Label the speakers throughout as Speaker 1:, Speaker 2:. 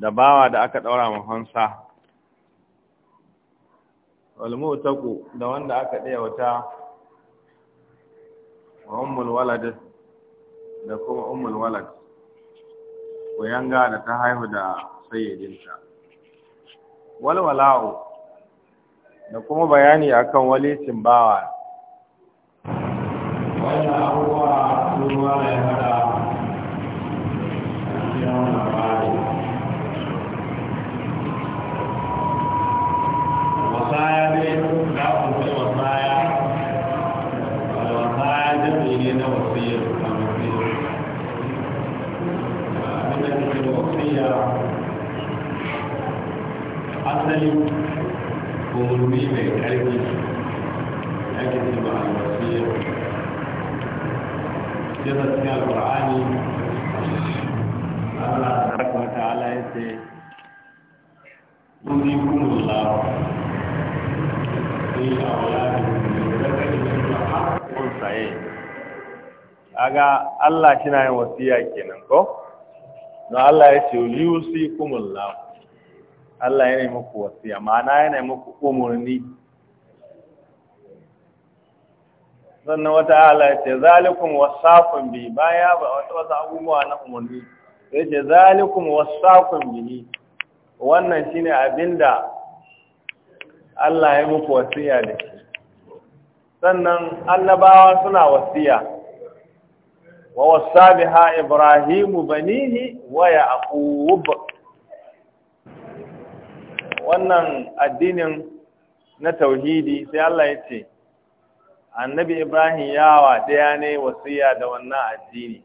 Speaker 1: da bawa da aka ɗaura mafansa taku da wanda aka ɗaya wata wa walad da kuma ummul walad yanga da ta haihu da sayyidinta walwala'u da kuma bayani akan walicin bawa wannan abubuwa sun wala ya asalin umarni mai ƙarfi ake a alwasiyya ya al alƙur'ani Allah tabaraka ta ala ya ce Kuzi kuma lalawa sai a wala da a kuma saye aga Allah shi na yin wasiya kenan ko na Allah ya ce kuma lalawa Allah ya yi muku wasiya ma'ana ya yi muku umarni sannan wata ala ce Zalikun wasafin bi baya ba wata wasu abubuwa na umarni sai ce wasafin bi bihi wannan shine abinda Allah ya muku wasiya da shi sannan annabawa suna wasiya wa wasa biha ibrahimu banihi wa yaqub wannan addinin na tauhidi sai Allah ya ce annabi Ibrahim yawa daya ne wasiya da wannan addini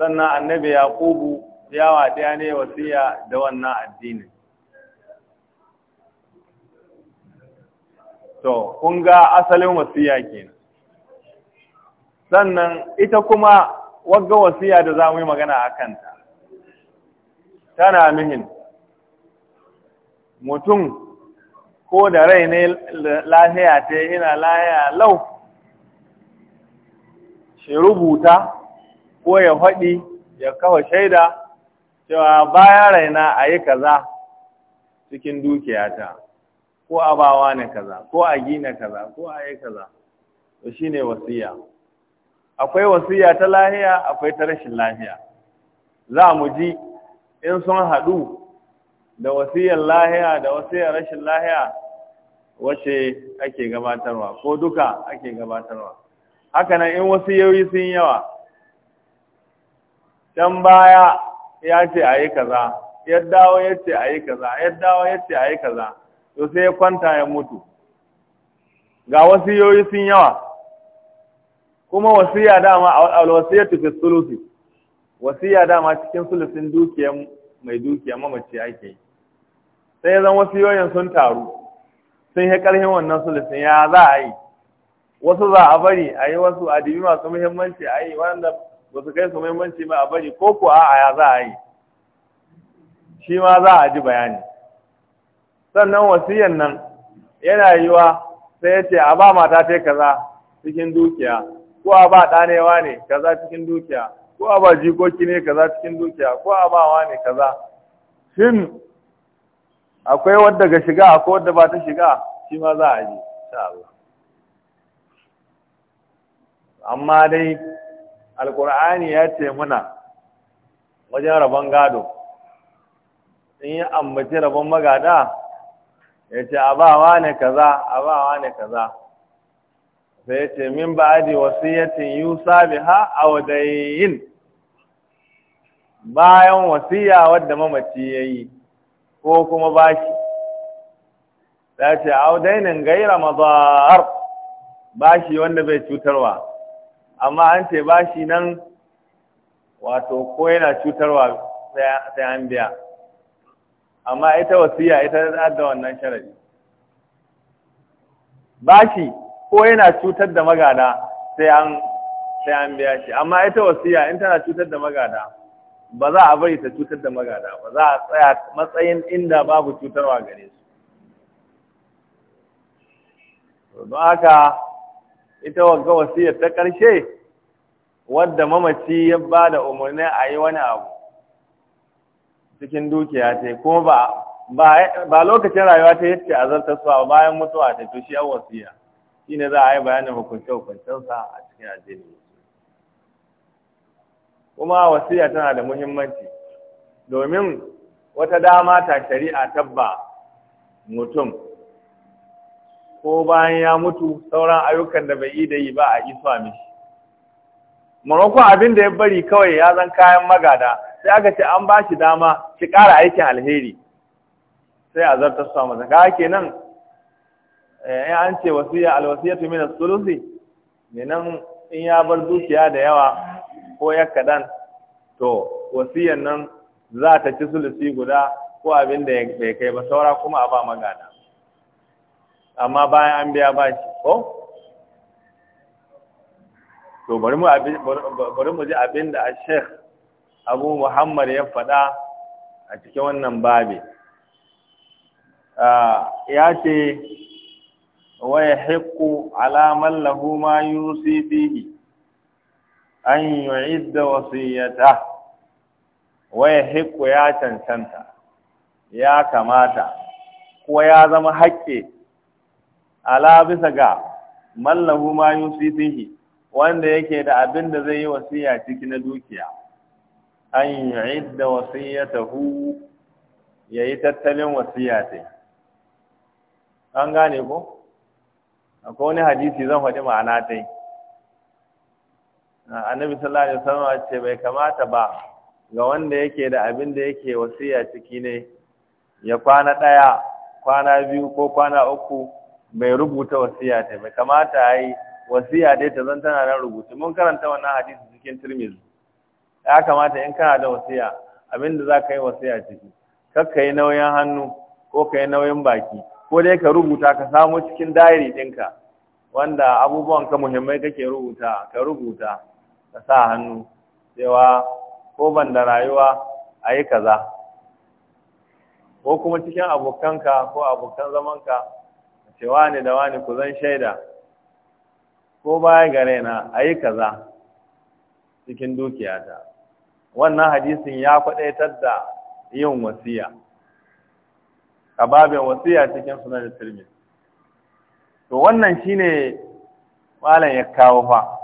Speaker 1: sannan annabi Yaqubu yawa daya ne wasiya da wannan addinin to kun ga asalin wasiya kenan sannan ita kuma wagga wasiya da za mu yi magana a kanta tana nuhin mutum ko da rai ne lahiya ta ina lahiya lau shi rubuta ko ya faɗi ya kawo shaida cewa bayan raina a yi kaza cikin dukiyata ko a bawa ne kaza ko a gina kaza ko a yi kaza to shi ne wasiya akwai wasiya ta lahiya akwai ta rashin lahiya za mu ji in sun haɗu da wasiyar lahiya da wasiyar rashin lahiya wace ake gabatarwa ko duka ake gabatarwa haka nan in wasiyoyi sun yawa can baya ya ce a yi kaza yaddawa ya ce a yi kaza yaddawa ya ce a yi kaza to sai ya kwanta ya mutu ga wasiyoyi sun yawa kuma wasiya dama alwasiyatu tafi sulusi wasiya dama cikin sulusin dukiyar mai dukiya mamaci ake yi sai zan wasu yoyin sun taru sun yi ƙarfin wannan sulusin ya za a yi wasu za a bari a yi wasu adibi masu muhimmanci a yi wanda ba su kai su muhimmanci ba a bari ko ko a ya za a yi shi ma za a ji bayani sannan wasiyan nan yana yiwa sai ya ce a ba mata ta kaza cikin dukiya ko a ba ɗanewa ne kaza cikin dukiya ko a ba jikoki ne kaza cikin dukiya ko a ba wa ne kaza shin akwai wadda ga shiga akwai wadda ba ta shiga shi ma za a ji amma dai alkur'ani ya ce muna wajen rabon gado in yi ambaci rabon magada ya ce a ba wa ne kaza a ba wa ne kaza sai ya ce min ba'adi wasiyatin yusa biha aw dayyin bayan wasiya wadda mamaci yayi ko kuma bashi ta ce audainin gaira mazar bashi wanda bai cutarwa amma an ce bashi nan wato ko yana cutarwa sai an biya amma ita wasiya ita da wannan sharadi bashi ko yana cutar da magada sai an biya shi amma ita wasiya in tana cutar da magada ba za a bari ta cutar da magada ba za a tsaya matsayin inda babu cutarwa gare su don haka ita wagga wasiyar ta ƙarshe wadda mamaci ya ba da umarni a yi wani abu cikin dukiya ta yi, kuma ba lokacin rayuwa ta yace a zartar su bayan mutuwa ta to shi an wasiya shine za a yi bayanin hukunce hukuncensa a cikin addini kuma wasiya tana da muhimmanci domin wata dama ta shari'a tabba mutum ko bayan ya mutu sauran ayyukan da bai yi da yi ba a isa mishi maimakon abin da ya bari kawai ya zan kayan magada sai aka ce an ba shi dama shi ƙara aikin alheri sai a zartar sa masa ke nan. Eh, in an ce wasiya alwasiyatu min as-sulusi nan in ya bar dukiya da yawa ko ya kaɗan to wasiyan nan za ta ci sulusi guda ko abin da ya kai ba saura kuma a ba magana amma bayan an biya ba shi ko to bari mu ji abin da a sheikh abu muhammad ya faɗa a cikin wannan babi ya ce waya haiku alaman lahuma ma yusi fihi an yu'idda wasiyata wa yahiqqu ya cancanta ya kamata ko ya zama haƙƙi ala bisa ga mallahu ma yusifihi wanda yake da abin da zai yi wasiya ciki na dukiya an hu ya yi tattalin wasiya ce an gane ko akwai wani hadisi zan faɗi ma'ana ta annabi sallallahu alaihi wasallam ce bai kamata ba ga wanda yake da abin da yake wasiya ciki ne ya kwana daya kwana biyu ko kwana uku bai rubuta wasiya ta bai kamata ai wasiya dai ta zan tana nan rubutu mun karanta wannan hadisi cikin Tirmidhi ya kamata in kana da wasiya abin da zaka yi wasiya ciki kakka yi nauyin hannu ko ka yi nauyin baki ko dai ka rubuta ka samu cikin diary dinka wanda abubuwan ka muhimmai kake rubuta ka rubuta ka sa hannu cewa ko ban da rayuwa a yi kaza ko kuma cikin abokanka ko abokan zamanka cewa ne da wani ku zan shaida ko baya gare na a yi kaza cikin dukiyata wannan hadisin ya kwadaitar da yin wasiya a babin wasiya cikin sunan da to wannan shine malam ya kawo fa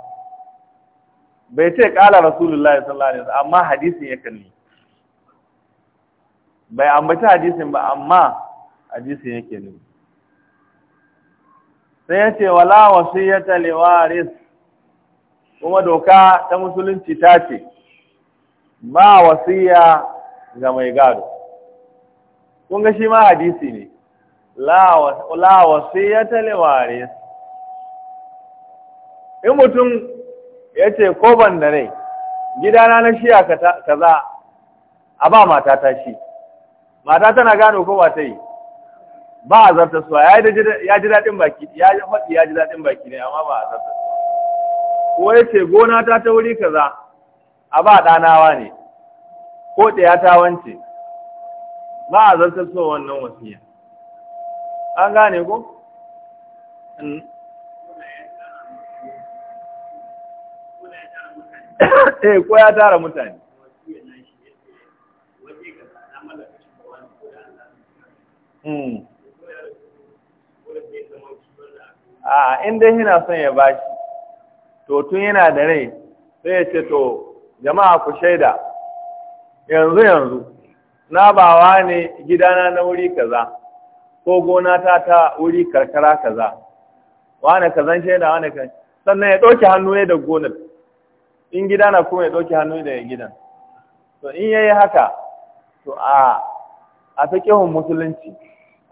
Speaker 1: bai ce kala rasulullah sallallahu alaihi wasallam amma hadisin ya kalli bai ambaci hadisin ba amma hadisin yake ne sai ya ce wala wasiyata liwaris kuma doka ta musulunci ta ce ba wasiya ga mai gado kun ga shi ma hadisi ne la wasiyata liwaris in mutum ya ce ko ban da rai gidana na shiya kaza a ba mata ta shi mata tana gano ko ba ta yi ba a zarta suwa ya ji daɗin baki ya ji faɗi ya ji daɗin baki ne amma ba a zarta suwa ko ya ce gona ta ta wuri kaza a ba ɗanawa ne ko ɗaya ta wance ba a zarta suwa wannan wasiya an gane ko hmm. eh ko ya tara mutane hmm. a inda yana son ya bashi to tun yana da rai sai ya ce to jama'a ku shaida yanzu yanzu na bawa ne gidana na wuri kaza ko gona ta ta wuri karkara kaza wane kazan shaida wane kan sannan ya ɗauki hannu ne da gonar in gida na kuma ya ɗauki hannu daga gidan to in yayi haka to a a fiƙihun musulunci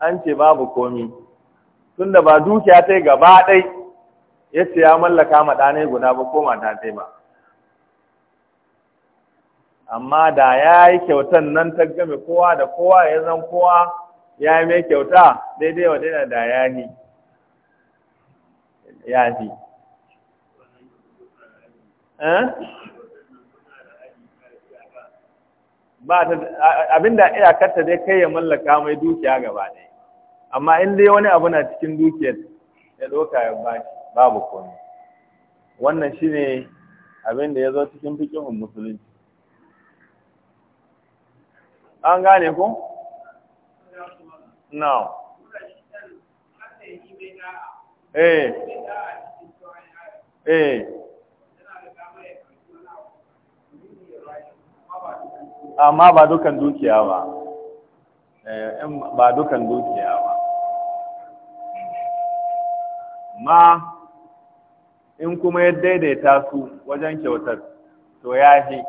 Speaker 1: an ce babu komi tunda ba dukiya ta yi gaba ɗai ce ya mallaka ma ɗanai guda ba ko ta ta ba amma da ya yi kyautan nan ta game kowa da kowa ya zan kowa ya yi mai kyauta daidai wa daidai da ya yi ya fi Eh? ba ta abinda iyakarta dai kai ya mallaka mai dukiya gaba ɗaya amma in dai wani abu na cikin dukiyar ya doka ya babu komai wannan shine abin da ya zo cikin fikihun musulunci an gane ku? no eh eh amma ba dukan dukiya ba eh, ba dukan dukiya ba ma in kuma ya daidaita su wajen kyautar to ya fi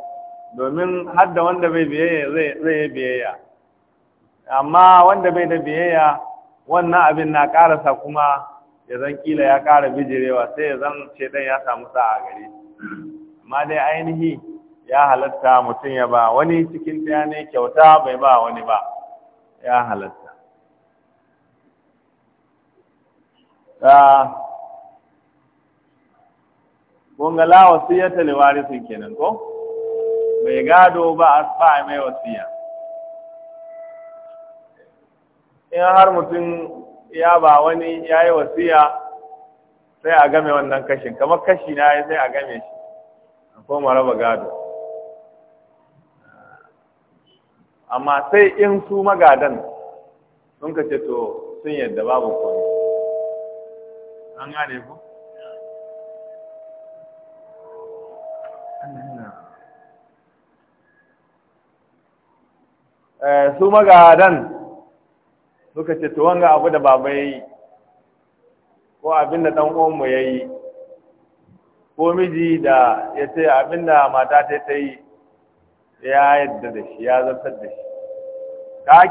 Speaker 1: domin hadda wanda bai biyayya zai biyayya amma wanda bai da biyayya wannan abin na karasa kuma ya zan kila ya kara bijirewa sai ya zan ce ya samu sa'a gare amma dai ainihi ya halatta mutum ya ba wani cikin ɗaya ne kyauta bai ba wani ba ya halatta gungala wasiya talibari sun kenan ko bai gado ba a ba mai wasiya in har mutum ya ba wani ya yi wasiya sai a game wannan kashin kamar kashi na sai a game shi a koma raba gado amma sai in su magadan sun ka ce to sun yadda babu komai an gane ku eh, su magadan suka ce to wanga abu da baba ya yi ko abin da ɗan uwanmu ya yi ko miji da ya ce abin da mata ta ta yi ya yadda da shi ya zartar da shi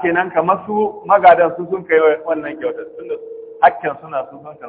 Speaker 1: ta nan kamar su magadan su sun kai wannan kyautar tun da hakkin suna su sun ka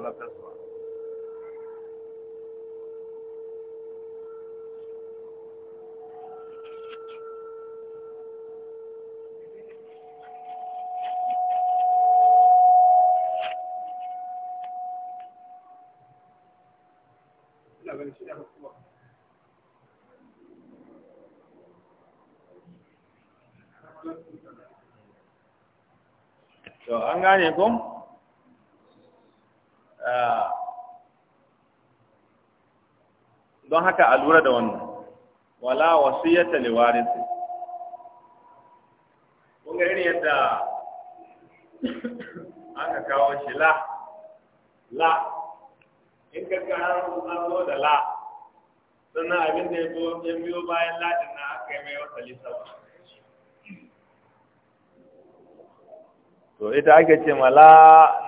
Speaker 1: gane ko ah. don haka a lura da wannan wala wasiyyata li warisi kun ga irin yadda aka kawo shi la la in ka kawo an zo da la sannan abin da ya biyo bayan din na aka yi mai wata lisa to ita ake ce ma la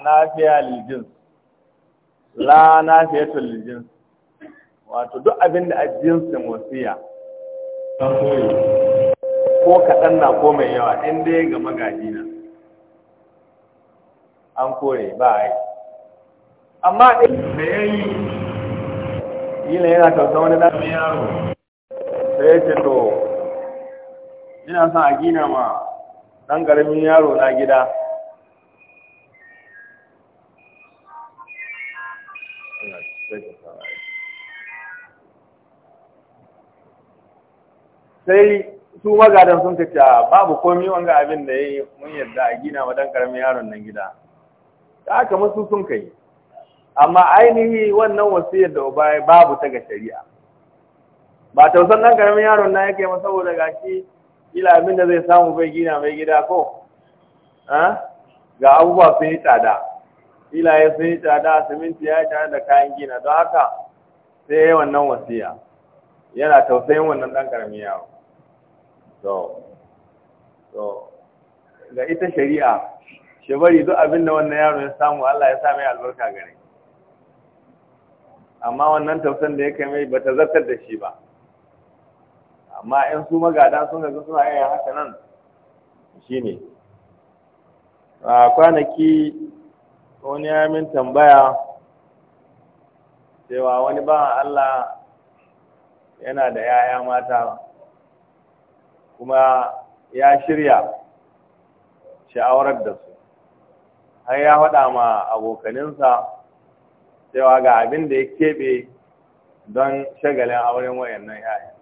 Speaker 1: nafiya liljins la nafiyatul liljins wato duk abin da ajinsin wasiya ko kaɗan na ko mai yawa in dai ga magaji na an kore ba a yi amma ɗin da ya yi yi na yana tausan wani ɗan yaro sai ya ce to ina son a gina ma ɗan ƙaramin yaro na gida sai su magadan sun cewa babu komi wanga abin da ya yi mun yadda a gina wa ɗan ƙaramin yaron nan gida ta aka musu sun kai amma ainihi wannan wasiyar da uba babu ta ga shari'a ba tausan ɗan karamin yaron nan yake masa saboda gashi ila abin da zai samu bai gina mai gida ko ga abubuwa sun yi tsada filaye sun yi tsada siminti ya yi tsada da kayan gina don haka sai wannan wasiya yana tausayin wannan ɗan ƙaramin yaro to to ga ita shari'a shi bari duk abin da wannan yaro ya samu Allah ya sa mai albarka gare amma wannan tausan da ya kai mai bata zartar da shi ba amma in su magada sun ga suna yin haka nan shine a kwanaki wani ya min tambaya cewa wani ba Allah yana da yaya mata kuma ya shirya sha'awar da su har ya faɗa ma abokaninsa cewa ga abin da ya keɓe don shagalin auren wayannan yayan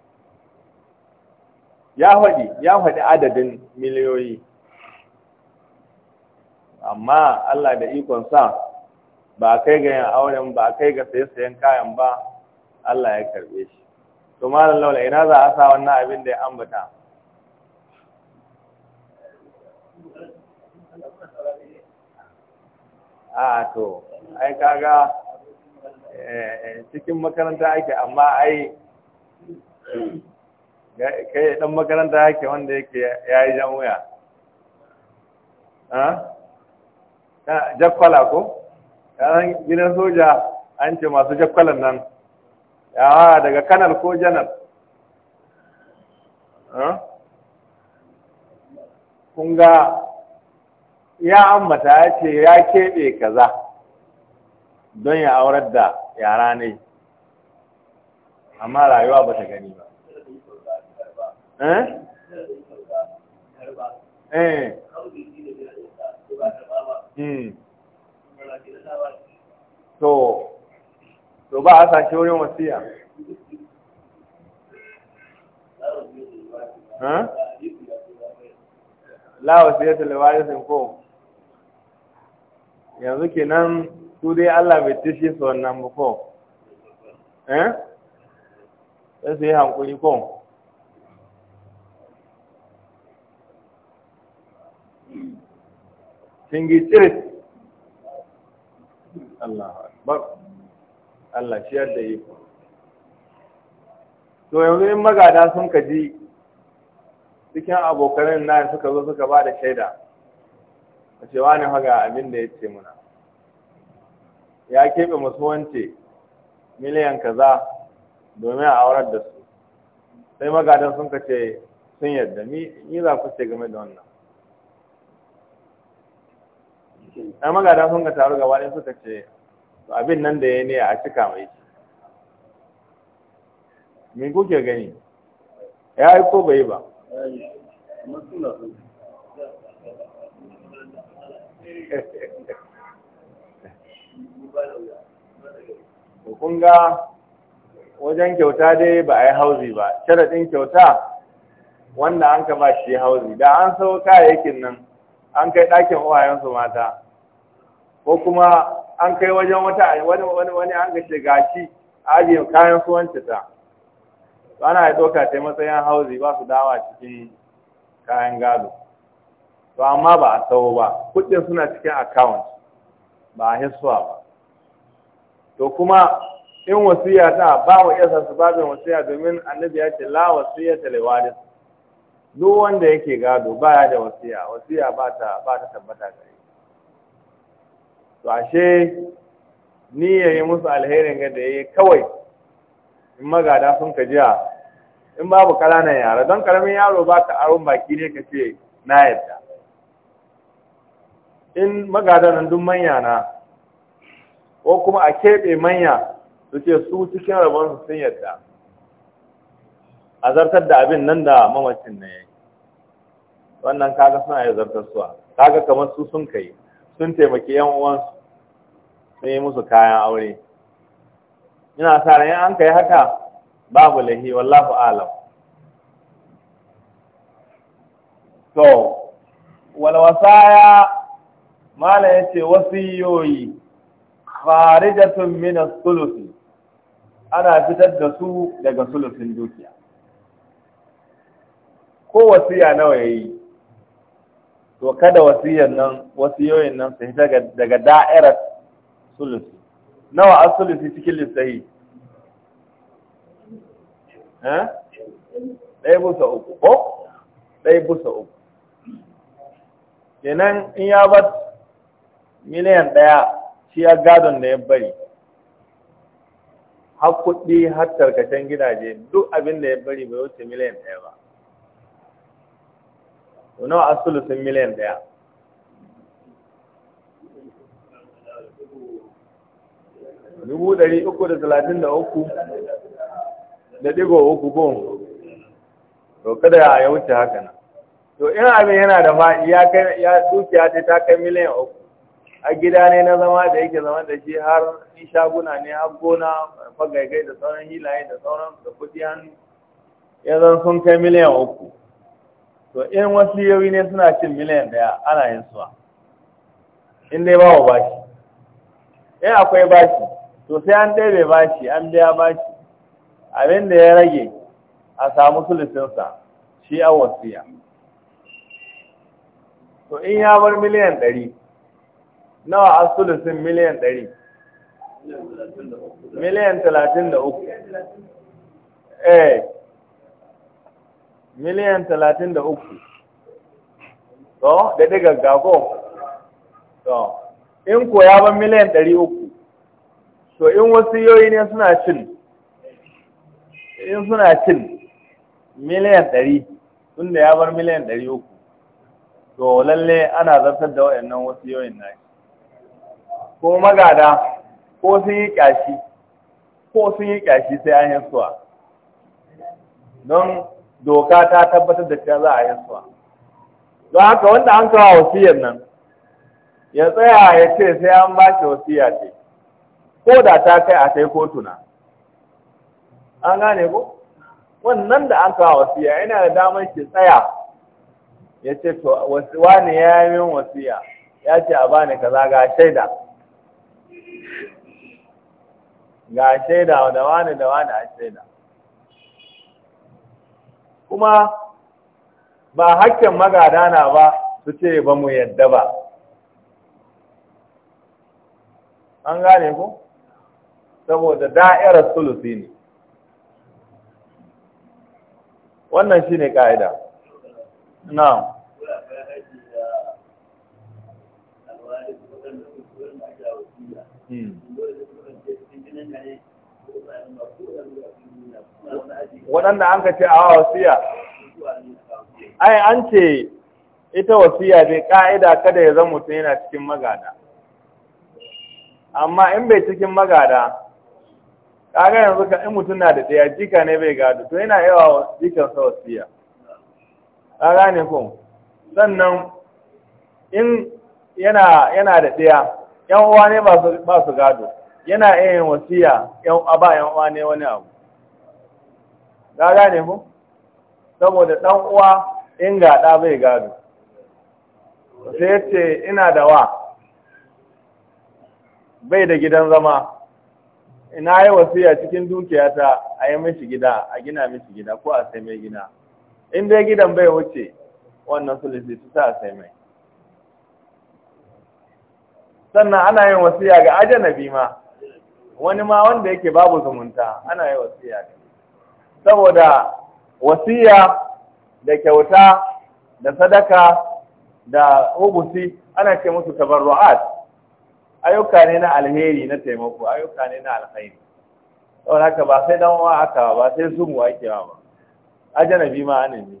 Speaker 1: ya faɗi ya faɗi adadin miliyoyi amma Allah da ikon sa ba kai ga yin auren ba kai ga sayen kayan ba Allah ya karɓe shi to malam laula ina za a sa wannan abin da ya ambata a to ai kaga eh, eh, cikin makaranta ake amma ai kai dan makaranta yake wanda yake yayi jan wuya ha ah? jakkwala ko kan gidan soja an ce masu jakkalan nan yawa ah, daga kanal ko janar ah? kunga. ya ambata ya ce ya keɓe kaza don ya aurar da yara ne amma rayuwa ba ta gani ba eh, eh. Hmm. to to ba a sashe wurin wasiya la wasiyatu ta warith ko yanzu kenan su dai Allah bai tashi su wannan ba ko eh sai su yi hankuri ko tingi cirit Allah ba Allah shi yadda yi to yanzu in magada sun kaji cikin abokanin na suka zo suka ba da shaida a ce wani haga abin da ya ce muna ya keɓe musu wance miliyan kaza domin a aurar da su sai magadan sun ka ce sun yadda ni za ku ce game da wannan ɗan magadan sun ka taru gaba ɗin suka ce abin nan da ya ne a cika mai me kuke gani ya yi ko bai ba kun ga wajen kyauta dai ba a yi hauzi ba sharaɗin kyauta wanda an ka ba shi hauzi da an sau kayayyakin nan an kai ɗakin uwayensu mata ko kuma an kai wajen wata wani wani an ka shiga shi a ajiyar kayan suwanci ta ana ya ɗauka ta matsayin hauzi ba su dawa cikin kayan gado to amma ba a sawo ba kuɗin suna cikin account ba a hisuwa ba to kuma in wasiya ta ba wa iya su babin wasiya domin annabi ya ce la wasiya ta su. duk wanda yake gado baya da wasiya wasiya ba ta ba ta tabbata gare to ashe ni ya yi musu alherin ga da ya kawai in magada sun ka jiya in babu ƙananan yara don karamin yaro ba ka aron baki ne ka ce na yadda in magada nan duk manya na ko kuma a keɓe manya su ce su cikin rabon su sun yadda a zartar da abin nan da mamacin na ne wannan kaga suna yi zartar suwa kaga kamar su sun kai sun taimaki yan uwansu sun yi musu kayan aure ina sa ran an kai haka babu lahi wallahu alam to wal wasaya mala ya ce wasiyoyi kharijatun min sulusi ana fitar da su daga sulusin dukiya ko wasiya nawa yayi to kada wasiyan nan wasiyoyin nan su fita daga da'irar sulusi nawa a sulusi cikin lissahi eh? ɗaya busa uku ko ɗaya busa uku kenan in ya bar miliyan ɗaya shi ya gadon da ya bari har kuɗi har tarkacen gidaje duk abin da ya bari bai wuce miliyan ɗaya ba nawa a sun miliyan ɗaya dubu ɗari uku da talatin da uku da ɗigo uku ko to kada ya wuce haka nan to ina abin yana da ma ya dukiya ta kai miliyan uku a gida ne na zama da yake zama da shi har nishaguna shaguna ne har gona fagaigai da sauran hilaye da sauran da kudi hannu ya zan sun kai miliyan uku to in wasu yoyi ne suna cin miliyan daya ana yin suwa in dai bawa bashi in akwai bashi to sai an ɗebe bashi an biya bashi abin da ya rage a samu sulusinsa shi a wasiya to in ya bar miliyan ɗari nawa a sulusin miliyan ɗari miliyan talatin da uku eh miliyan talatin da uku to da ɗiga gago to in ko ya ba miliyan ɗari uku to in wasu yoyi ne suna cin in suna cin miliyan ɗari tun da ya bar miliyan ɗari uku to lalle ana zartar da wa'annan wasu yoyin nashi ko magada ko sun yi kyashi ko sun yi kyashi sai an yi suwa don doka ta tabbatar da cewa za a yi suwa
Speaker 2: don haka wanda an kawo
Speaker 1: wasiyar nan ya tsaya ya ce sai an ba shi wasiya ce ko da ta kai a kai kotuna an gane ko wannan da an kawo wasiya yana da damar shi tsaya ya ce to wani ya yi min wasiya ya ce a bani kaza ga shaida ga shaida da wani da wani a shaida kuma ba hakkin magada na ba su ce ba mu yadda ba an gane ku saboda da'irar sulusi ne wannan shi ne ƙa'ida no. Hmm. waɗanda an ka ce a wasiya ai an ce ita wasiya dai ƙa'ida kada ya zama mutum yana cikin magada amma in bai cikin magada kaga yanzu ka in mutum na da ɗaya jika ne bai gado to yana yawa jikansa wasiya ka gane ko sannan in yana yana da ɗaya yan uwa ne ba su gado yana iya yin wasiya yan aba yan uwa ne wani abu ga ne mu saboda dan uwa in ga da bai gado sai ce ina da wa bai da gidan zama ina yi wasiya cikin dukiyata a yi mishi gida a gina mishi gida ko a sai mai gida in dai gidan bai wuce wannan sulisi su a sai mai sannan ana yin wasiya ga ajanabi ma wani ma wanda yake babu zumunta ana yin wasiya saboda wasiya da kyauta da sadaka da hubusi ana ce musu tabarru'at ayyuka ne na alheri na taimako ayyuka ne na alkhairi saboda haka ba sai dan uwa aka ba sai zumu ake ba ajanabi ma ana yi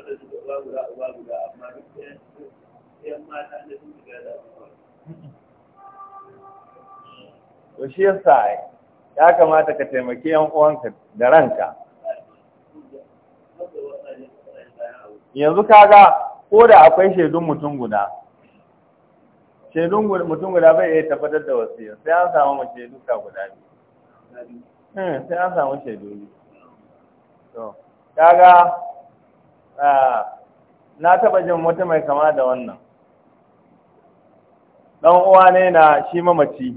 Speaker 2: yan da
Speaker 1: to shi yasa ya kamata ka taimaki yan uwanka da ranka yanzu kaga ko da akwai shaidun mutum guda shaidun mutum guda bai iya tabbatar da wasiyar sai an samu mace duka guda biyu hmm, sai an samu shaidu biyu to kaga Ah, na taɓa jin wata mai kama da wannan ɗan uwa ne na shi mamaci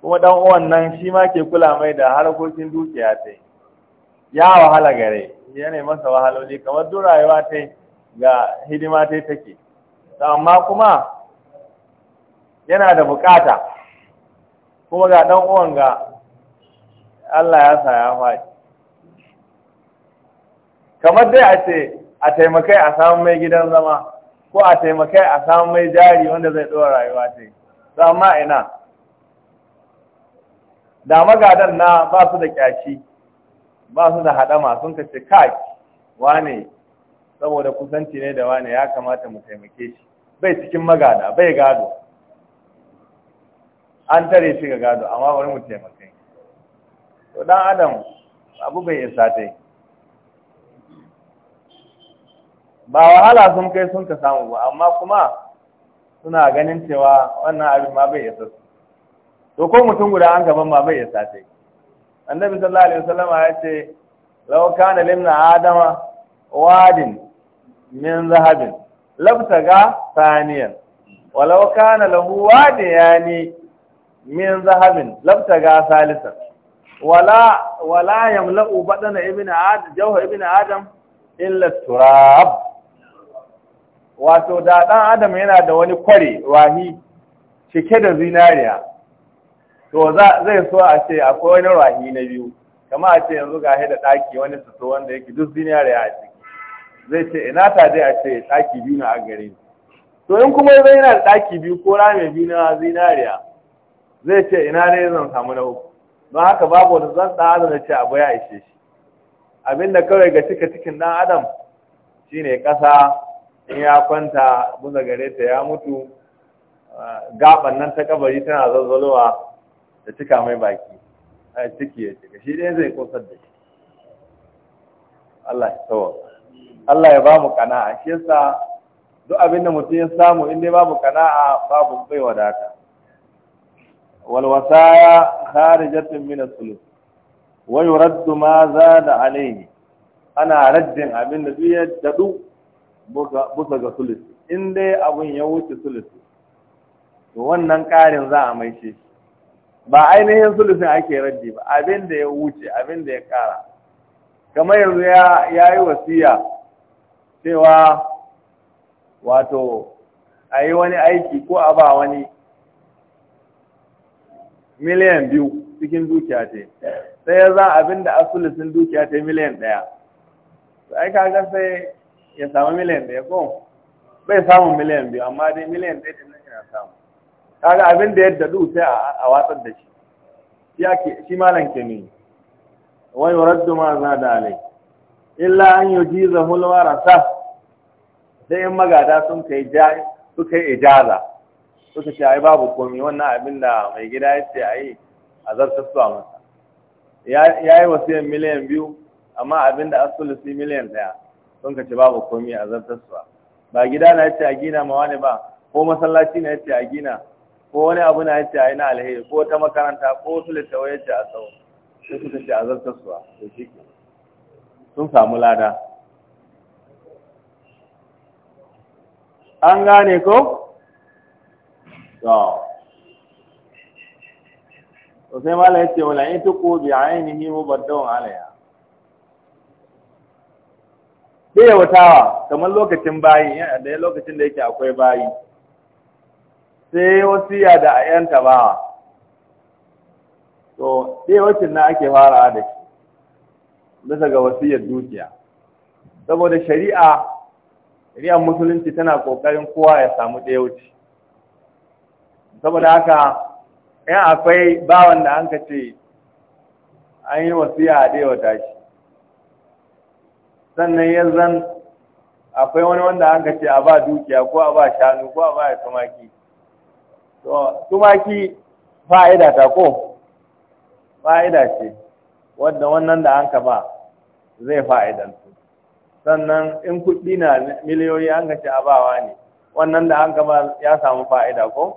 Speaker 1: kuma ɗan uwan nan shi ma ke kula mai da harkokin dukiya ta ya wahala gare ya ne masa wahaloli kamar duk rayuwa ta ga hidima ta take amma kuma yana da bukata kuma ga ɗan uwan ga Allah ya sa ya faɗi kamar dai a ce a taimakai a samu mai gidan zama ko a taimakai a samu mai jari wanda zai ɗora rayuwa ce za ina da magadan na ba su da kyashi ba su da haɗama sun kace kai wane saboda kusanci ne da wane ya kamata mu taimake shi bai cikin magada bai gado an tare shi ga gado amma bari mu taimake to dan adam abu bai isa dai ba wahala sun kai sun ka samu ba amma kuma suna ganin cewa wannan abin ma bai isa su to ko mutum guda an gaban ma bai isa sai annabi sallallahu alaihi wasallam ya ce law kana limna adama wadin min zahabin labtaga saniyan walau kana lahu yani min zahabin labtaga salisan wala wala yamla'u badana ibnu adam jawha ibn adam illa turab wato da ɗan adam yana da wani kware wahi cike da zinariya to zai so a ce akwai wani wahi na biyu kama a ce yanzu gahe da ɗaki wani suto wanda yake duk zinariya a ciki zai ce ina ta dai a ce ɗaki biyu na a gare ni to in kuma zai yana da ɗaki biyu ko rami biyu na zinariya zai ce ina ne zan samu na uku don haka babu wani zan ɗan adam da ce abu ya ishe shi abinda kawai ga cika cikin ɗan adam shine ƙasa in ya kwanta buza gare ta ya mutu gaban nan ta kabari tana zazzalowa da cika mai baki a ciki ya cika shi dai zai kosar da shi Allah ya tsawo Allah ya ba mu kana'a shi yasa duk abinda mutum ya samu in dai babu kana'a babu bai wadata wal wasaya kharijatun min as-sulus wa raddu ma zada alayhi ana raddin abinda duk ya dadu busa ga sulusi in dai abun ya wuce sulusi to wannan ƙarin za a maishe shi ba ainihin sulisin ake raddi ba abin da ya wuce abin da ya ƙara kamar yanzu ya yi wasiya cewa wato a yi wani aiki ko a ba wani miliyan biyu cikin dukiya ce sai ya za abin da asulisin dukiya ta miliyan ɗaya sai kaga sai ya samu miliyan ɗaya ko bai samu miliyan biyu amma dai miliyan ɗaya da nan yana samu kaga abin da ya dadu sai a watsar da shi shi shi malam ke ne wa yuraddu ma za da alai illa an yujiza hul sa sai in magada sun kai suka yi ijaza suka ce ai babu komai wannan abin da mai gida ya ce ai a zartaswa masa ya yi wasu miliyan biyu amma abin da asulisi miliyan ɗaya sun ka ce babu komai a zartaswa ba gida na yace a gina ma wani ba ko masallaci na yace a gina ko wani abu na yace a yi na alheri ko ta makaranta ko wasu littawa yace a sau sai suka ce a zartaswa to shi ke sun samu lada an gane ko? to sai malai ya ce wala in tuku bi ainihi mubaddawun alaiha sai wutawa, kamar lokacin bayi da lokacin da yake akwai bayi sai wasu wasiya da ayyan tabawa to sai wacin na ake fara da shi bisa ga wasiyar dukiya saboda shari'a shari'ar musulunci tana kokarin kowa ya samu wuce. saboda haka in akwai bawan da an ka ce an yi wasiya a ɗaya wata shi sannan ya zan akwai wani wanda an ce a ba dukiya ko a ba shanu ko a ba tumaki to tumaki fa'ida ta ko fa'ida ce wadda wannan da an ka ba zai su sannan in kuɗi na miliyoyi an ce a bawa ne wannan da an ka ba ya samu fa'ida ko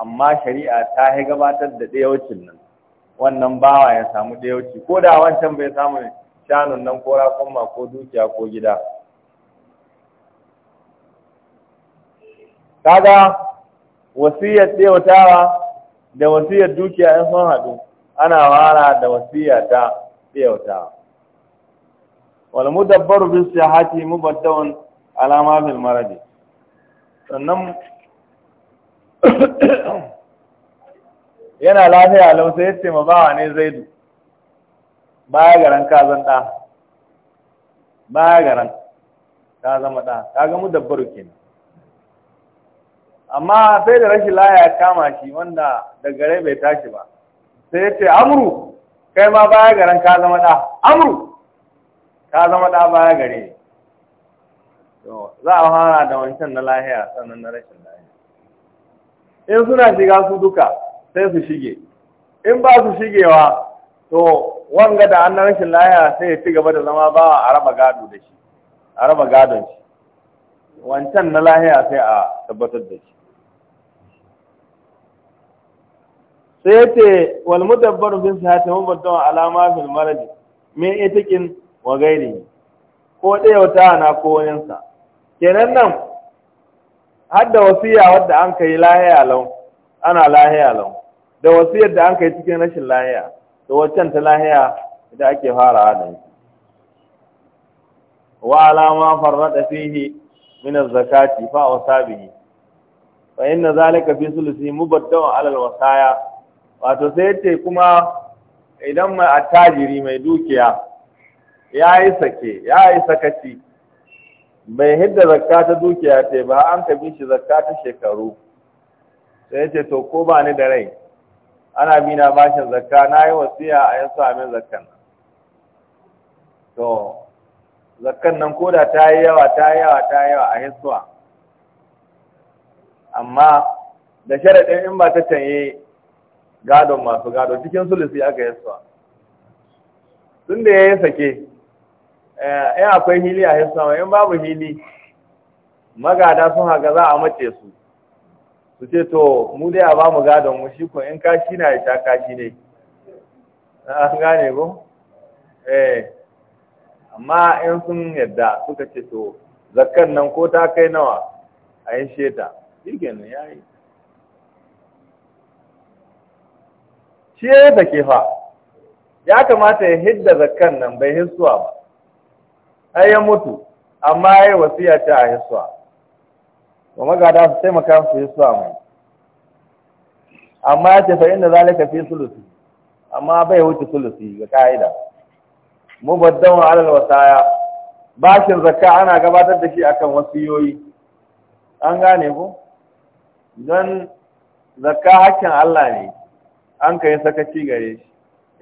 Speaker 1: amma shari'a ta yi gabatar da ɗayaucin nan wannan bawa ya samu ɗayauci ko da wancan bai samu ne shanun nan ko ma ko dukiya ko gida kaga wasiyar tsayautawa da wasiyar dukiya in sun haɗu ana wara da wasiyar ta Wani wal mudabbaru bis sihati mubadda'un alama bil maradi sannan yana lafiya lausa sai yace ma bawa ne zaidu baya garan ka zan ɗa baya garan ka zama ɗa ka ga mu dabbaru kenan amma sai da rashin laya kama shi wanda da gare bai tashi ba sai ya ce amuru kai ma baya garan ka zama ɗa amuru ka zama ɗa baya gare za a fara da wancan na lahiya sannan na rashin lahiya in suna shiga su duka sai su shige in ba su shigewa to wanga da an rashin laya sai ya ci gaba da zama ba a raba gado da shi a raba gadon shi wancan na lahiya sai a tabbatar da shi sai yace wal mudabbaru bin sihati mubaddawa alama fil maradi me itikin wa gairi ko ɗaya wata na ko sa kenan nan har da wasiya wadda an kai lahiya lau ana lahiya lau da wasiyar da an kai cikin rashin lahiya to waccan ta lahiya ita ake fara da shi wa alama farrada fihi min az-zakati fa wasabihi fa inna zalika fi sulusi mubadda'un ala al-wasaya wato sai yace kuma idan mai attajiri mai dukiya ya sake yayi yi bai hidda zakka ta dukiya ce ba an ka bi shi zakka ta shekaru sai yace to ko ba ni da rai ana bina bashin zakka na yi wasiya a yansu min zakkan nan to zakkan nan koda ta yi yawa ta yi yawa ta yi yawa a hisuwa amma da sharaɗin in ba ta canye gadon masu gado cikin sulusi aka hisuwa tun da ya yi sake eh, in akwai hili a hisuwa in babu hili magada sun haka za a mace su su ce to mu dai a ba mu gadon mu shi ko in kashi na ya sha kashi ne an gane ko eh amma in sun yadda suka ce to zakkan nan ko ta kai nawa a yi sheta ya yi. shi ya zake fa ya kamata ya hidda zakkan nan bai hissuwa ba ai ya mutu amma ya yi wasiya ta a hissuwa wa magada su taimaka su yi su amai amma ya ce fa inda zalika fi sulusi amma bai wuce sulusi ga ka'ida mubaddawan alal wasaya bashin zakka ana gabatar da shi akan wasiyoyi an gane ko don zakka hakkin Allah ne an kai sakaci gare shi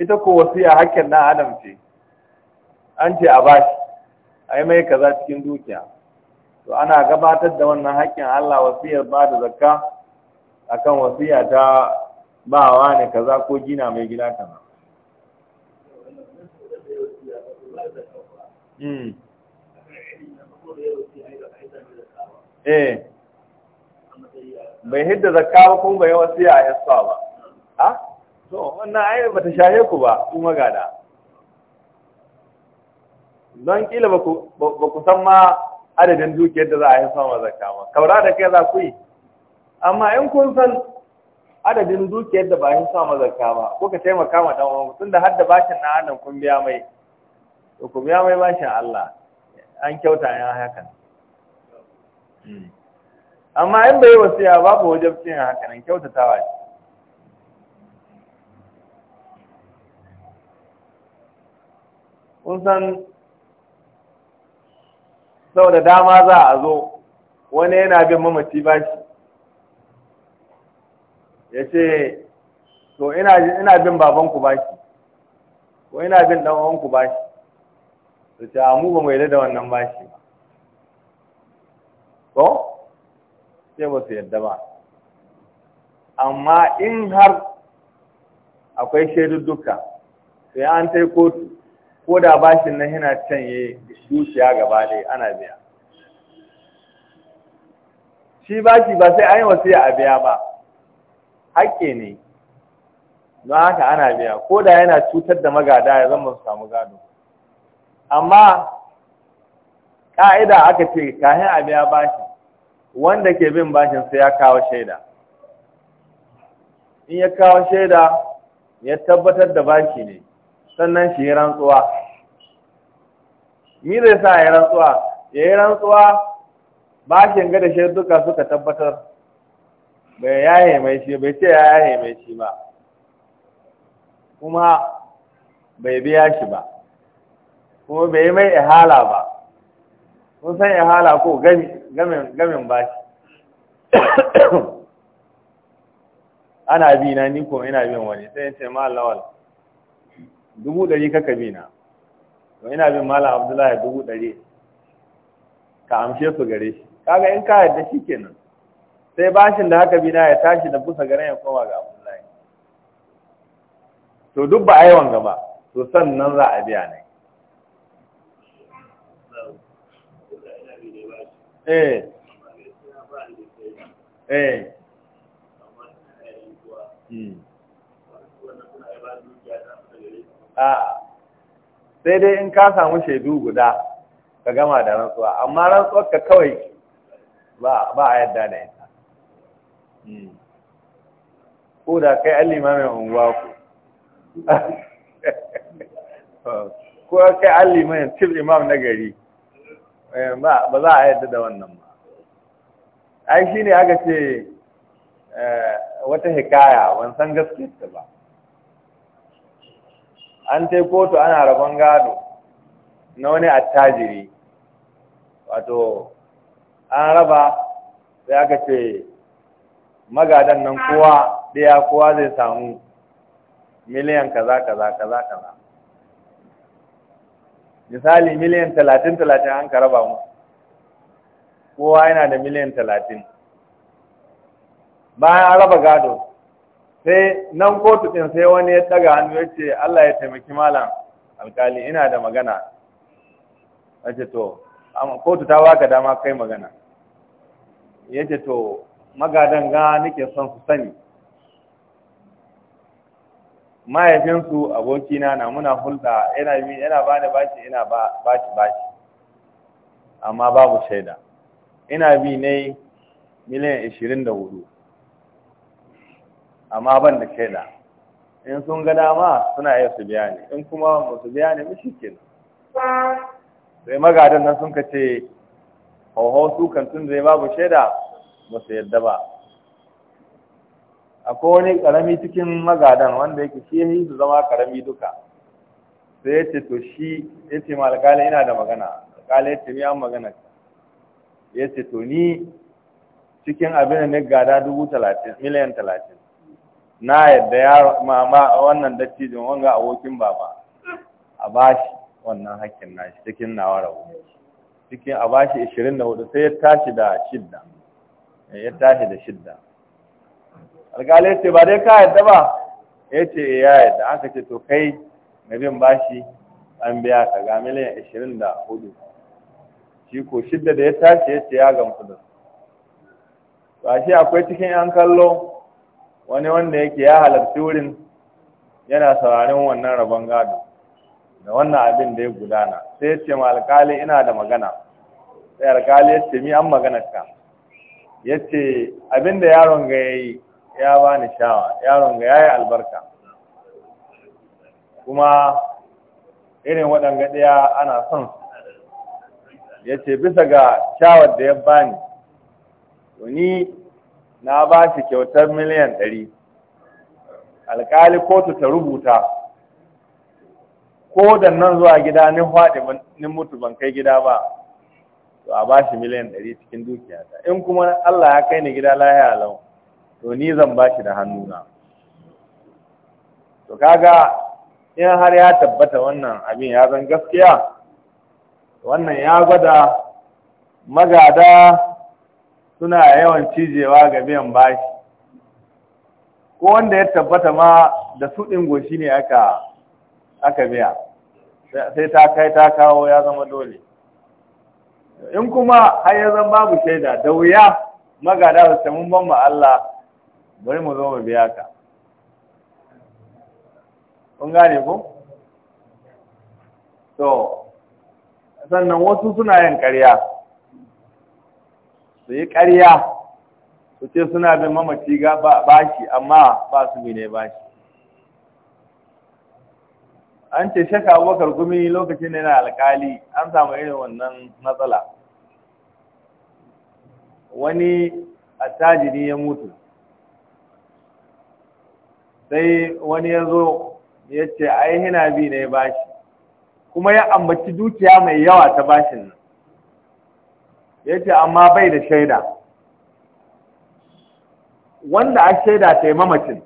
Speaker 1: ita ko wasiya hakkin dan adam ce an ce a bashi a yi mai kaza cikin dukiya to ana gabatar da wannan haƙƙin Allah wasiyar ba da zakka akan wasiya ta ba wa ne kaza ko gina mai gida kaza Mm. Eh. Bai hidda zakka ba kuma bai wasiya a yasa ba. Ha? To, wannan ai bata shahe ku ba, ku magada. Don kila ba ku san ma adadin dukiyar da za a yi sama zakka ma kaura da kai za ku yi amma in kun san adadin dukiyar da ba a yi sama zakka ba ka taimaka ma dan uwan tunda har da bashin na annan kun biya mai to ku biya mai bashin Allah an kyauta ya haka hmm. amma in bai wasiya babu wajen cin kyauta kyautatawa ce kun san saboda dama za a zo wani yana bin mamaci bashi ya ce to ina bin babanku bashi ko ina bin ɗan'uwanku bashi su ce mu ba mai da wannan bashi ba ko sai ba su yadda ba amma in har akwai shaidu duka sai an tai kotu ko da bashin nan yana canye dukiya gaba ɗaya ana biya shi bashi ba sai an yi wasiya a biya ba haƙƙi ne don haka ana biya ko da yana cutar da magada ya zama su samu gado amma ƙa'ida aka ce kahin a biya bashi wanda ke bin bashin sai ya kawo shaida in ya kawo shaida ya tabbatar da bashi ne sannan shi yi rantsuwa mi zai sa ya rantsuwa ya yi rantsuwa ba shi yanga da shaiduka suka tabbatar bai yaye mai shi bai ce ya yaye mai shi ba kuma bai biya shi ba kuma bai yi mai ihala ba kun san ihala ko gamin ba shi ana bi na ni ko ina bin wani sai ce ma lawal dubu ɗari kaka bi na, to ina bin malam abdullahi dubu ɗari ka amshe su gare shi kaga in ka yadda shi kenan sai bashin da haka na ya tashi da busa garin ya koma ga abdullahi to duk ba a yi wanga ba to sannan za a biya ne eh eh hmm. A'a, sai dai in ka samu shaidu guda ka gama da rantsuwa amma rantsuwar ka kawai ba a yadda da ita hmm. ko da kai an limamin unguwa ku ko kai an limamin cif imam na gari eh, ba za a yadda da wannan ba ai shi ne aka ce eh, wata hikaya ban san ta ba an tai kotu ana rabon gado na wani attajiri wato an raba sai aka ce magadan nan kowa daya kowa zai samu miliyan kaza kaza kaza kaza misali miliyan talatin talatin an ka raba mu kowa yana da miliyan talatin bayan an raba gado sai nan kotu ɗin sai wani ya ɗaga hannu ya ce Allah ya taimaki malam alkali ina da magana ya ce to kotu ta waka dama kai magana ya ce to magadan ga nake son su sani mahaifinsu abokina na muna hulɗa yana yana ba da bashi ina ba bashi amma babu shaida ina bi ne miliyan 24 amma ban da shaida in sun ga dama suna iya su biya ne in kuma ba su biya ne mishi ke sai magadan nan sun ka ce hauhau su kan tun zai babu shaida ba su yadda ba akwai wani karami cikin magadan wanda yake shi yi su zama karami duka sai ya ce to shi ya ce ma alƙali ina da magana alƙali ya ce mi an magana ya ce to ni cikin abin da na gada dubu talatin miliyan talatin na yadda ya mama wannan dattijin wanga abokin baba a bashi wannan hakkin nashi cikin nawa rabu cikin a bashi 24 sai ya tashi da shidda eh, ya tashi da shidda alƙali ce ba dai ka yadda ba ya ce eh, ya yadda aka ce to kai na bin bashi an biya ka ga miliyan 24 shi ko shidda da ya tashi ya ce ya gamsu da su ba shi akwai cikin 'yan kallo wani wanda yake ya halarci wurin yana sauraron wannan rabon gado da wannan abin da ya gudana sai ya ce ma alkali ina da magana sai alkali ya ce mi an maganarka ya ce abin da yaron ga ya yi ya ba ni shawa yaron ga ya yi albarka kuma irin waɗanga ɗaya ana son ya ce bisa ga shawar da ya bani ni na ba shi kyautar miliyan ɗari alkali kotu ta rubuta ko da nan zuwa gida ni faɗi ni mutu ban kai gida ba to a ba shi miliyan ɗari cikin dukiyata in kuma Allah ya kai ni gida lahiya lau to ni zan ba shi da hannuna to kaga in har ya tabbata wannan abin ya zan gaskiya wannan ya gwada magada suna yawan cijewa ga biyan bashi ko wanda ya tabbata ma da su ɗin goshi ne aka aka biya sai ta kai ta kawo ya zama dole in kuma har ya zan babu shaida da wuya magada da mun ban ma Allah bari mu zo mu biya ka kun gane ko to sannan wasu suna yin ƙarya su yi ƙarya su ce suna bin mamaci ga bashi amma ba su bi ne bashi an ce shaka abubakar gumi lokacin da yana alkali an samu irin wannan matsala wani attajiri ya mutu sai wani ya zo ya ce ai hina bi ne bashi kuma ya ambaci dukiya mai yawa ta bashin nan Ya ce, amma bai da shaida wanda a shaida ta yi mamacin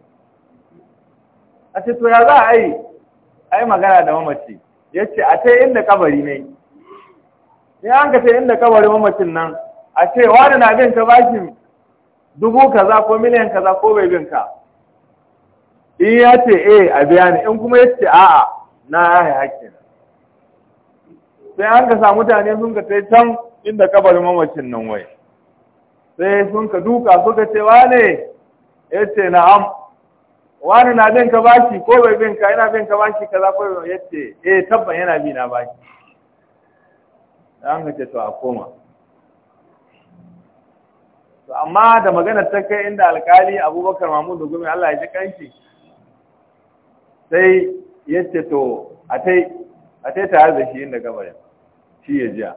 Speaker 1: a ce to ya za a yi a yi magana da mamaci ya ce a ce inda kabari ne ya an ka ce inda kabari mamacin nan a ce wani na bin ka bashin dubu kaza ko miliyan kaza ko bai bin ka in ya ce eh a biya ni in kuma ya ce A, na ya haƙƙi sai an ka sa mutane sun ka yi can inda kabarin mamacin nan wai sai sun ka duka suka ce wane ya ce na'am wani na bin ka bashi ko bai bin ka yana bin ka bashi za ko ya ce eh tabban yana bi na bashi an ka ce to a koma to amma da maganar ta kai inda alkali abubakar Mahmudu, gumi allah ya ji kanshi sai ya ce to a tai a tai tare da shi inda gabarin shi ya jiya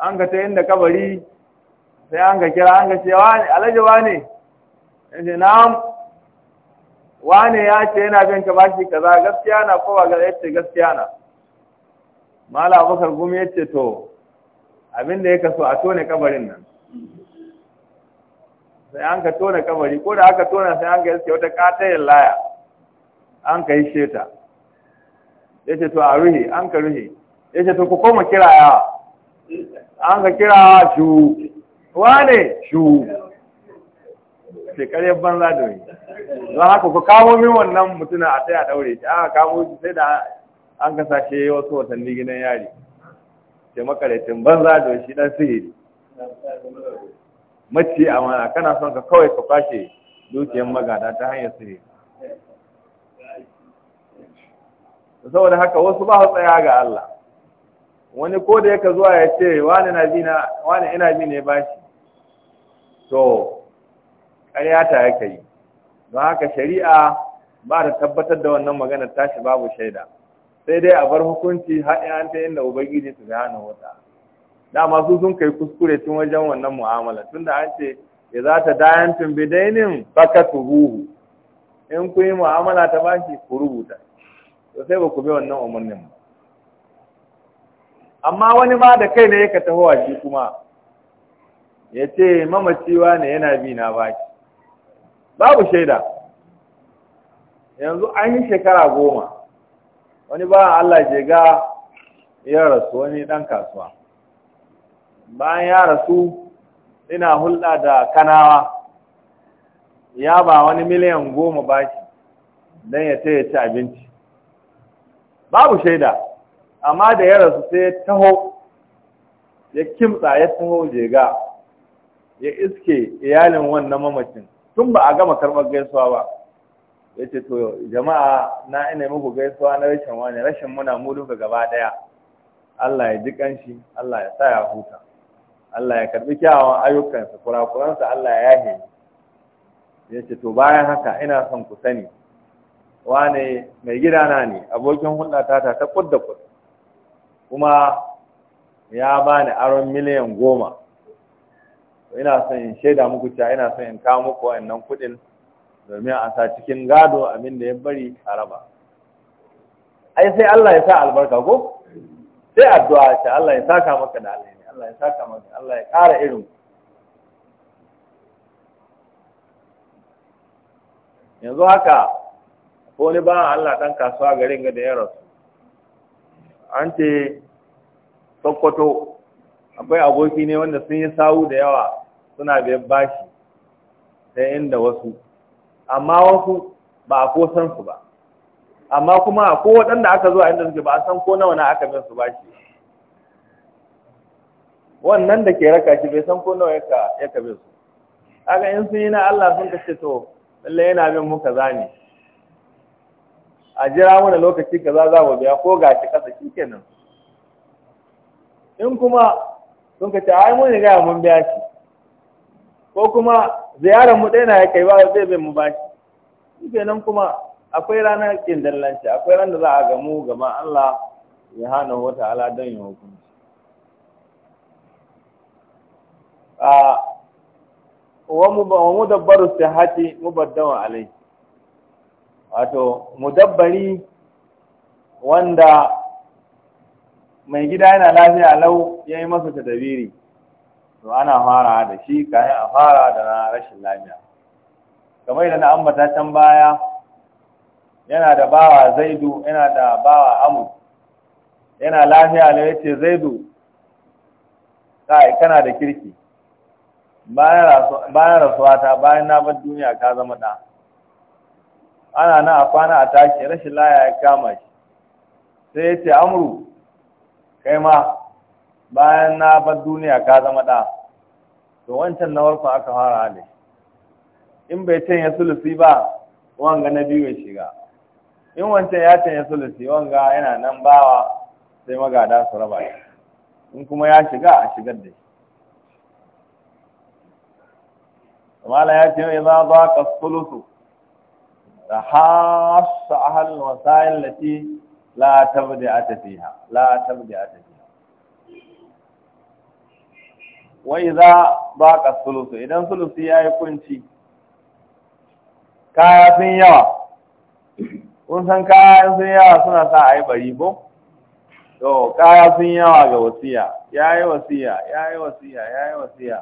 Speaker 1: an ga ta inda kabari sai an ga kira an ga ce wani alhaji wane yace na'am wane ya ce yana bin ka bashi kaza gaskiya na kowa ga ce gaskiya na mala abubakar gumi ce to abin da ya kaso a tone kabarin nan sai an ka tona kabari ko da aka tona sai an ga yaske wata katayin laya an ka yi sheta ya ce to a ruhe an ka ruhe ya ce to ku koma kira yawa an ka kira shu wane shu kare banza da wani don haka ku kamo min wannan mutuna a sai a daure shi aka kawo shi sai da an kasa shi wasu watanni gidan yari ce makarancin banza da shi dan sihiri
Speaker 2: mace amana
Speaker 1: kana son ka kawai ka kwashe dukiyar magada ta hanyar sihiri saboda haka wasu ba su tsaya ga Allah wani ko da yaka zuwa ya ce wani na bi na wani ina bi ne bashi to ƙarya ta yake yi don haka shari'a ba ta tabbatar da wannan magana tashi babu shaida sai dai a bar hukunci har an ta inda ubangiji su ga hana wata da masu sun kai kuskure tun wajen wannan mu'amala tunda an ce ya za ta dayan bidainin baka tuhuhu in kun yi mu'amala ta bashi ku rubuta to sai ba ku bi wannan umarnin ba amma wani ma da kai ne taho a shi kuma ya ce mamaciwa ne yana bi na baki babu shaida yanzu an yi shekara goma wani ba Allah je ga ya rasu wani ɗan kasuwa bayan ya rasu ina hulɗa da kanawa ya ba wani miliyan goma baki don ya ce ya ci abinci babu shaida amma da ya rasu sai ya taho ya kimtsa ya taho jega ya iske iyalin wannan mamacin tun ba a gama karɓar gaisuwa ba ya ce to jama'a na ina muku gaisuwa na rashin wani rashin muna mu duka gaba daya Allah ya ji kanshi Allah ya sa ya huta Allah ya karbi kyawawan ayyukansa kurakuransa Allah ya yahe ya ce to bayan haka ina son ku sani wane mai gidana ne abokin hulɗa ta ta kudda kudda kuma ya bani aron miliyan goma ina son in shaida muku cewa ina son in kawo muku wa'annan kuɗin domin a sa cikin gado abin da ya bari a raba ai sai Allah ya sa albarka ko sai addu'a ce Allah ya saka maka da alheri
Speaker 2: Allah ya saka maka Allah ya ƙara
Speaker 1: irin yanzu haka ko ni ba Allah dan kasuwa garin ga da ya rasu an ce sokoto akwai aboki ne wanda sun yi sawu da yawa suna biyan bashi ta inda wasu amma wasu ba a ko san su ba amma kuma ko waɗanda aka zo a inda suke ba a san ko nawa na aka bin su bashi wannan da ke raka shi bai san ko nawa ya ka bin su Haka in sun yi na Allah sun kashe to lallai yana bin muka zane ne a jira mana lokaci kaza za mu biya ko ga shi kasa shi kenan. in kuma sun ka ce ai mun riga mun biya shi ko kuma ziyarar mu ɗaya na ya kai ba zai bai mu ba shi shikenan kuma akwai ranar kin dallanci akwai ranar da za a gamu gama Allah ya hana wata ala don yi hukunci wa mu hati mu mubaddawan alaiki. wato mudabbari wanda mai gida yana lafiya lau ya yi masa tadabiri to ana fara da shi kayan a fara da na rashin lafiya kamar da na ambata can baya yana da bawa zaidu yana da bawa amu yana lafiya lau ya ce zaidu kai kana da kirki bayan rasuwa ta bayan na bar duniya ka zama ɗa ana nan a kwana a tashi rashin laya ya kama shi sai ya ce amuru kai ma bayan na bar duniya ka zama ɗa to wancan na farko aka fara hali in bai canya sulusi ba wanga na biyu ya shiga in wancan ya canya sulusi wanga yana nan bawa sai magada su raba shi in kuma ya shiga a shigar da shi mala ya ce ya za ba ka sulusu hasa ahal wasail lati la tabdi'ata fiha la tabdi'ata Wai za ba ka thuluth idan ya yi kunci kaya sun yawa kun san kaya sun yawa suna sa a yi bari ko to kaya sun yawa ga wasiya yayi wasiya yi wasiya yayi wasiya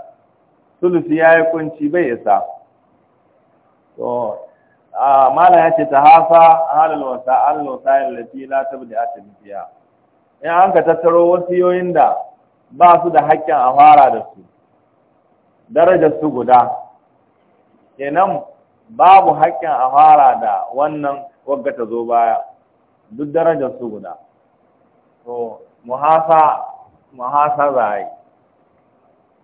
Speaker 1: ya yi kunci bai isa to mala ya ce ta hafa halal wasa halal wasa ya lalafi la tabda atbiya in an ka tattaro wasiyoyin da ba su da haƙƙin a fara da su darajar su guda kenan babu haƙƙin a fara da wannan wagga ta zo baya duk darajar su guda to muhasa muhasa zai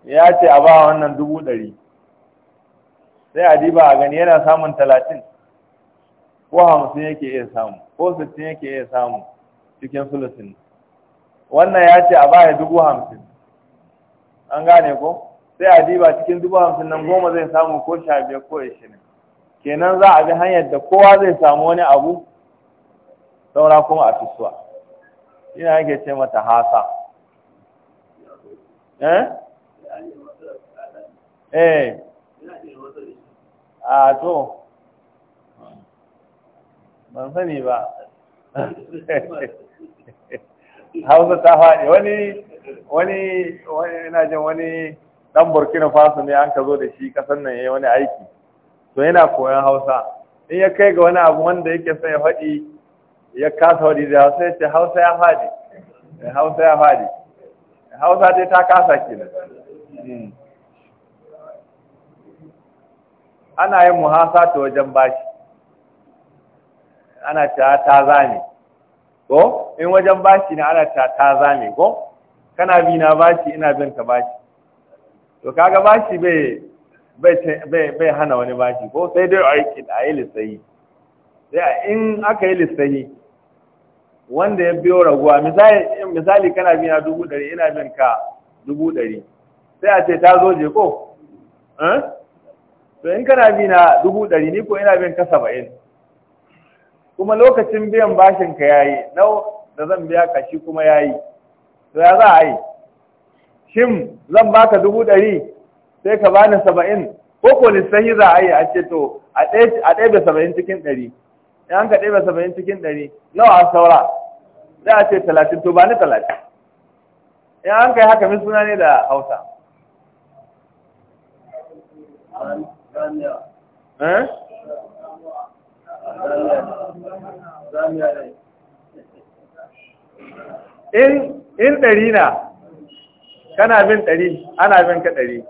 Speaker 1: ya ce a ba wannan dubu ɗari sai a diba a gani yana samun talatin ko hamsin yake iya samu ko sittin yake iya samu cikin sulusin wannan ya ce a baya dubu hamsin an gane ko sai a diba cikin dubu hamsin nan goma zai samu ko sha biyar ko ishirin kenan za a bi hanyar da kowa zai samu wani abu saura kuma a fisuwa ina yake ce mata hasa eh eh a to ban sani ba hausa ta faɗi wani wani wani ina jin wani dan burkina faso ne an ka zo da shi kasan nan yayi wani aiki to yana koyon hausa in ya kai ga wani abu wanda yake son ya faɗi ya kasa faɗi da hausa ya ce hausa ya faɗi eh, hausa ya faɗi hausa dai ta kasa kenan hmm. ana yin muhasa ta wajen bashi ana cewa ta zame ko in wajen bashi ne ana cewa ta zame ko kana bi na bashi ina bin ka bashi to kaga bashi bai bai bai hana wani bashi ko sai dai aiki a yi lissayi sai in aka yi lissayi wanda ya biyo raguwa misali misali kana bi na dubu ɗari ina bin ka dubu ɗari sai a ce ta zo je ko eh? to in kana bi na dubu ɗari ni ko ina bin ka saba'in kuma lokacin biyan bashin ka yayi nau da zan biya ka shi kuma yayi to ya za a yi shin zan baka dubu ɗari sai ka bani saba'in ko ko lissahi za a yi a ce to a ɗaya saba'in cikin ɗari in an ka ɗaya saba'in cikin ɗari nawa an saura za a ce talatin to bani talatin in an kai haka min suna ne da hausa Eh? in ɗari na kana bin ɗari ana bin ka ɗari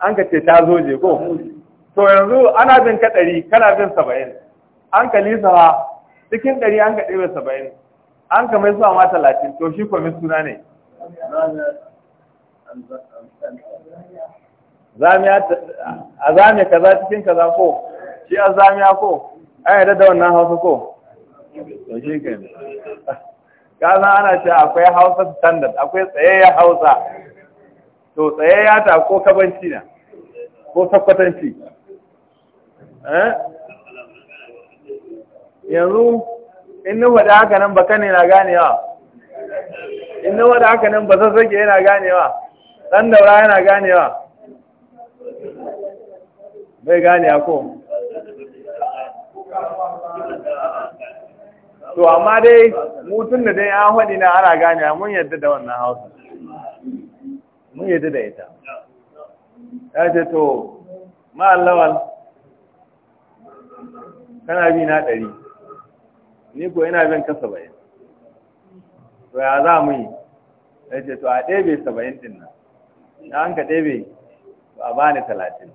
Speaker 1: an ka ce ta zo je ko to yanzu ana bin ka ɗari kana bin saba'in an ka lisawa cikin ɗari an ka ɗebe saba'in an ka mai zuwa ma talatin to shi kwamin suna ne a zamiya kaza cikin kaza ko shi a zamiya ko a yadda da wannan hausa ko Gaza ana ce akwai hausa standard akwai tsayayya hausa to tsayayya ta ko kabanci na ko sakwatanci eh? yanzu in nufa da haka nan baka ne na ganewa in nufa da haka nan ba zazzage yana ganewa ɗan daura yana ganewa bai ganewa ko
Speaker 2: to amma dai
Speaker 1: mutum da dai an haɗi na ana gane mun yadda da wannan hausa mun yadda da ita ya ce to ma'allawal kana bi na ɗari ni ko ina bin ka saba'in to ya za mu yi ya ce to a ɗebe saba'in ɗin nan na an ka ɗebe a bani talatin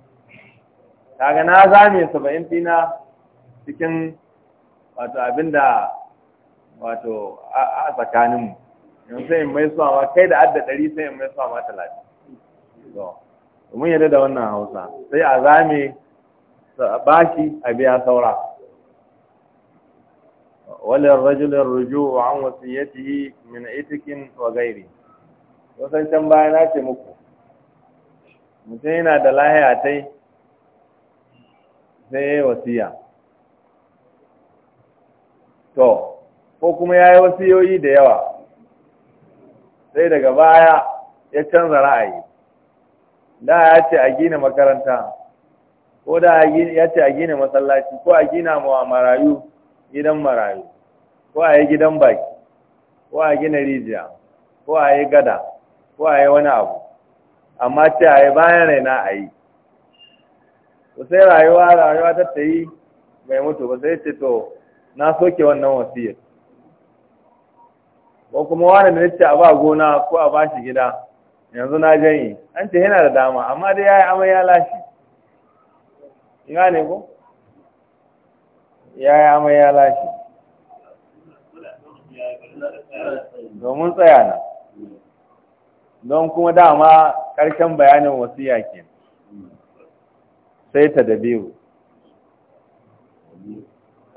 Speaker 1: kaga na zame saba'in ɗina cikin wato abinda wato a tsakaninmu yanzu sai mai suwa kai da adda ɗari sai mai suwa ma talatin domin yadda da wannan hausa sai a zame bashi a biya saura walin rajulun ruju an wasu yi min itikin wa gairi wasan can baya na ce muku mutum yana da lahiya tai sai wasiya to ko kuma ya yi wasiyoyi da yawa sai daga baya ya canza ra'ayi da ya ce a gina makaranta ko da ya ce a gina masallaci ko a gina mawa marayu gidan marayu ko a yi gidan baki ko a gina rijiya ko a yi gada ko a yi wani abu amma ce a yi bayan na a yi sai rayuwa rayuwa ta ta yi mai mutu ba sai ce to na soke wannan wasiyar ko kuma wani da nace a ba gona ko a ba shi gida yanzu na janye an ce yana da dama amma dai yayi amai ya lashe ne ko yayi amai ya lashe domin tsaya na don kuma dama ƙarshen bayanin wasiya ke sai ta da biyu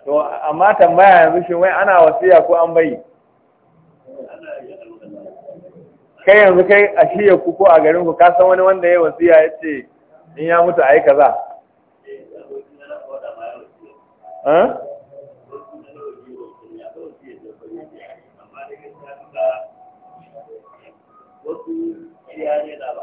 Speaker 1: to amma tambaya yanzu shi wai ana wasiya ko an bai kai yanzu kai a shiya ku ko a garin ku ka san wani wanda ya wasiya ya ce in ya mutu ayi kaza
Speaker 2: wasu